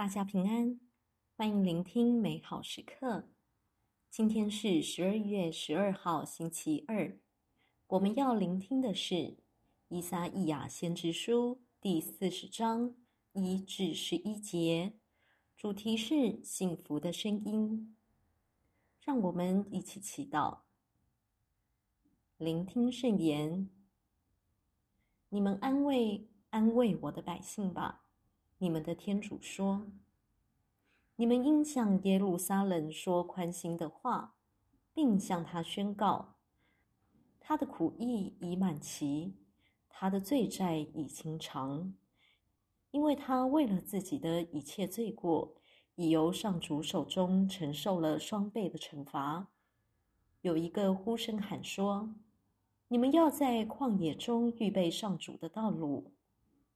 大家平安，歡迎聆聽美好時刻。今天是十二月十二號，星期二。我們要聆聽的是《依撒意亞先知書》第四十章一至十一節，主題是“幸福的聲音”。讓我們一起祈禱，聆聽聖言。你們安慰安慰我的百姓吧。你們的天主說：“你們應向耶路撒冷說寬心的話，並向她宣告，她的苦役已滿期，她的罪債已清償，因為她為了自己的一切罪過，已由上主手中承受了雙倍的懲罰。”有一個呼聲喊說：“你們要在曠野中預備上主的道路。”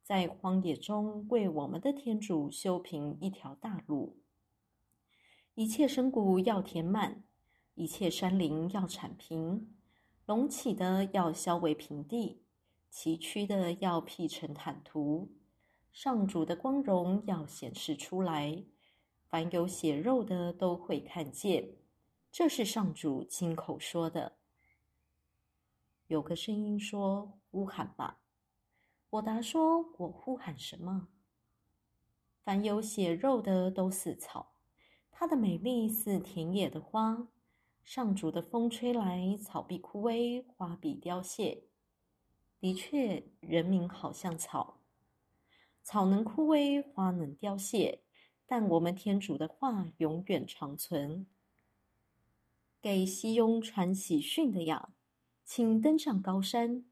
在荒野中為我們的天主修平一條大路，一切深谷要填滿，一切山陵要剷平，隆起的要削為平地，崎嶇的要闢成坦途。上主的光榮要顯示出來，凡有血肉的都會看見。這是上主親口說的。有個聲音說：“呼喊吧。”我答說：“我呼喊什麼？凡有血肉的都似草，他的美麗似田野的花。上主的風吹來，草必枯萎，花必凋謝。的確，人民好像草，草能枯萎，花能凋謝，但我們天主的話永遠長存。給熙雍傳喜訊的啊，請登上高山。”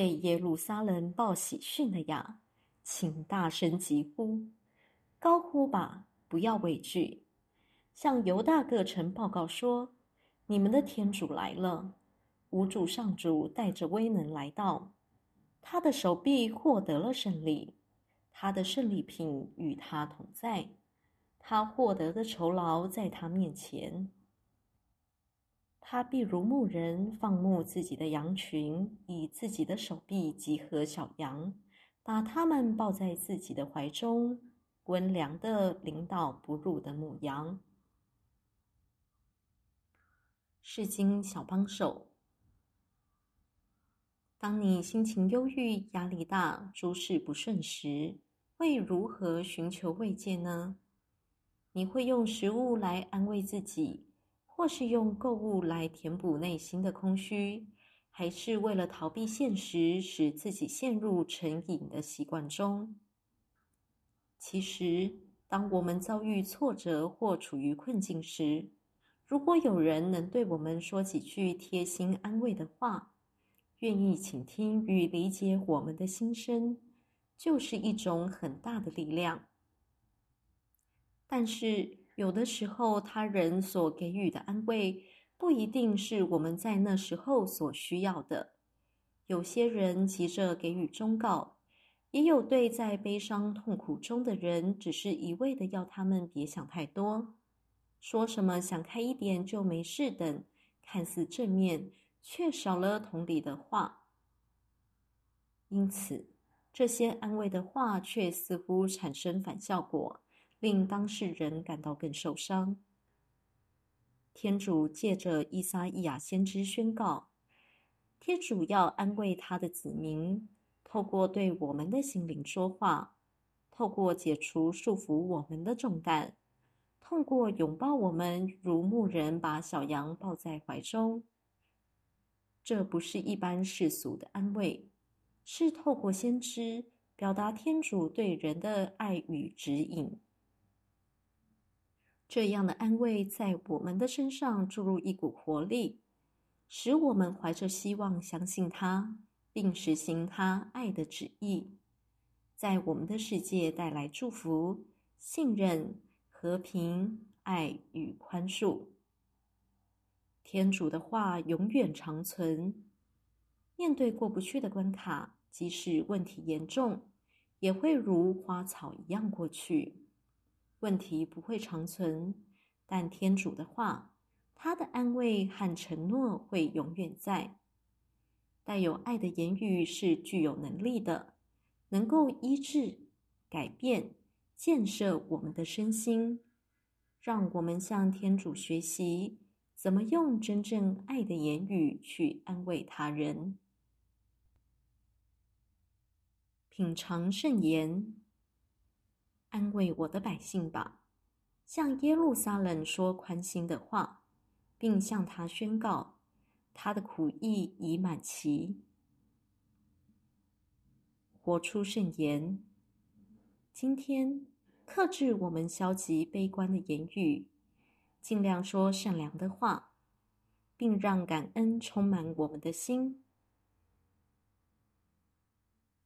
給耶路撒冷報喜訊的呀，請大聲疾呼，高呼吧，不要畏懼，向猶大各城報告說：你們的天主來了，吾主上主帶着威能來到，他的手臂獲得了勝利，他的勝利品與他同在，他獲得的酬勞在他面前。他必如牧人放牧自己的羊群，以自己的手臂集合小羊，把它們抱在自己的懷中，溫良的領導哺乳的母羊。釋經小幫手。當你心情憂鬱、壓力大、諸事不順時，會如何尋求慰藉呢？你會用食物來安慰自己？或是用購物來填補內心的空虛，還是為了逃避現實，使自己陷入成癮的習慣中？其實，當我們遭遇挫折或處於困境時，如果有人能對我們說幾句貼心安慰的話，願意傾聽與理解我們的心聲，就是一種很大的力量。但是，有的時候，他人所給予的安慰不一定是我們在那時候所需要的。有些人急着給予忠告，也有對在悲傷痛苦中的人，只是一味的要他們別想太多，說什麼“想開一點就沒事”等，看似正面，卻少了同理的話。因此，這些安慰的話卻似乎產生反效果。令當事人感到更受傷。天主借着依撒意亞先知宣告：“天主要安慰他的子民，透過對我們的心靈說話，透過解除束縛我們的重擔，透過擁抱我們，如牧人把小羊抱在懷中。”這不是一般世俗的安慰，是透過先知表達天主對人的愛與指引。這樣的安慰在我們的身上注入一股活力，使我們懷着希望，相信他，並實行他愛的旨意，在我們的世界帶來祝福、信任、和平、愛與寬恕。天主的話永遠長存，面對過不去的關卡，即使問題嚴重，也會如花草一樣過去。問題不會長存，但天主的話，他的安慰和承諾會永遠在。帶有愛的言語是具有能力的，能夠醫治、改變、建設我們的身心。讓我們向天主學習，怎麼用真正愛的言語去安慰他人。品嚐聖言。安慰我的百姓吧，向耶路撒冷說寬心的話，並向她宣告，她的苦役已滿期。活出聖言，今天克制我們消極悲觀的言語，盡量說善良的話，並讓感恩充滿我們的心。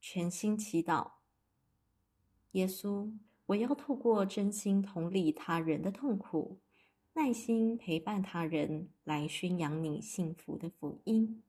全心祈禱，耶穌，我要透過真心同理他人的痛苦，耐心陪伴他人，來宣揚祢幸福的福音。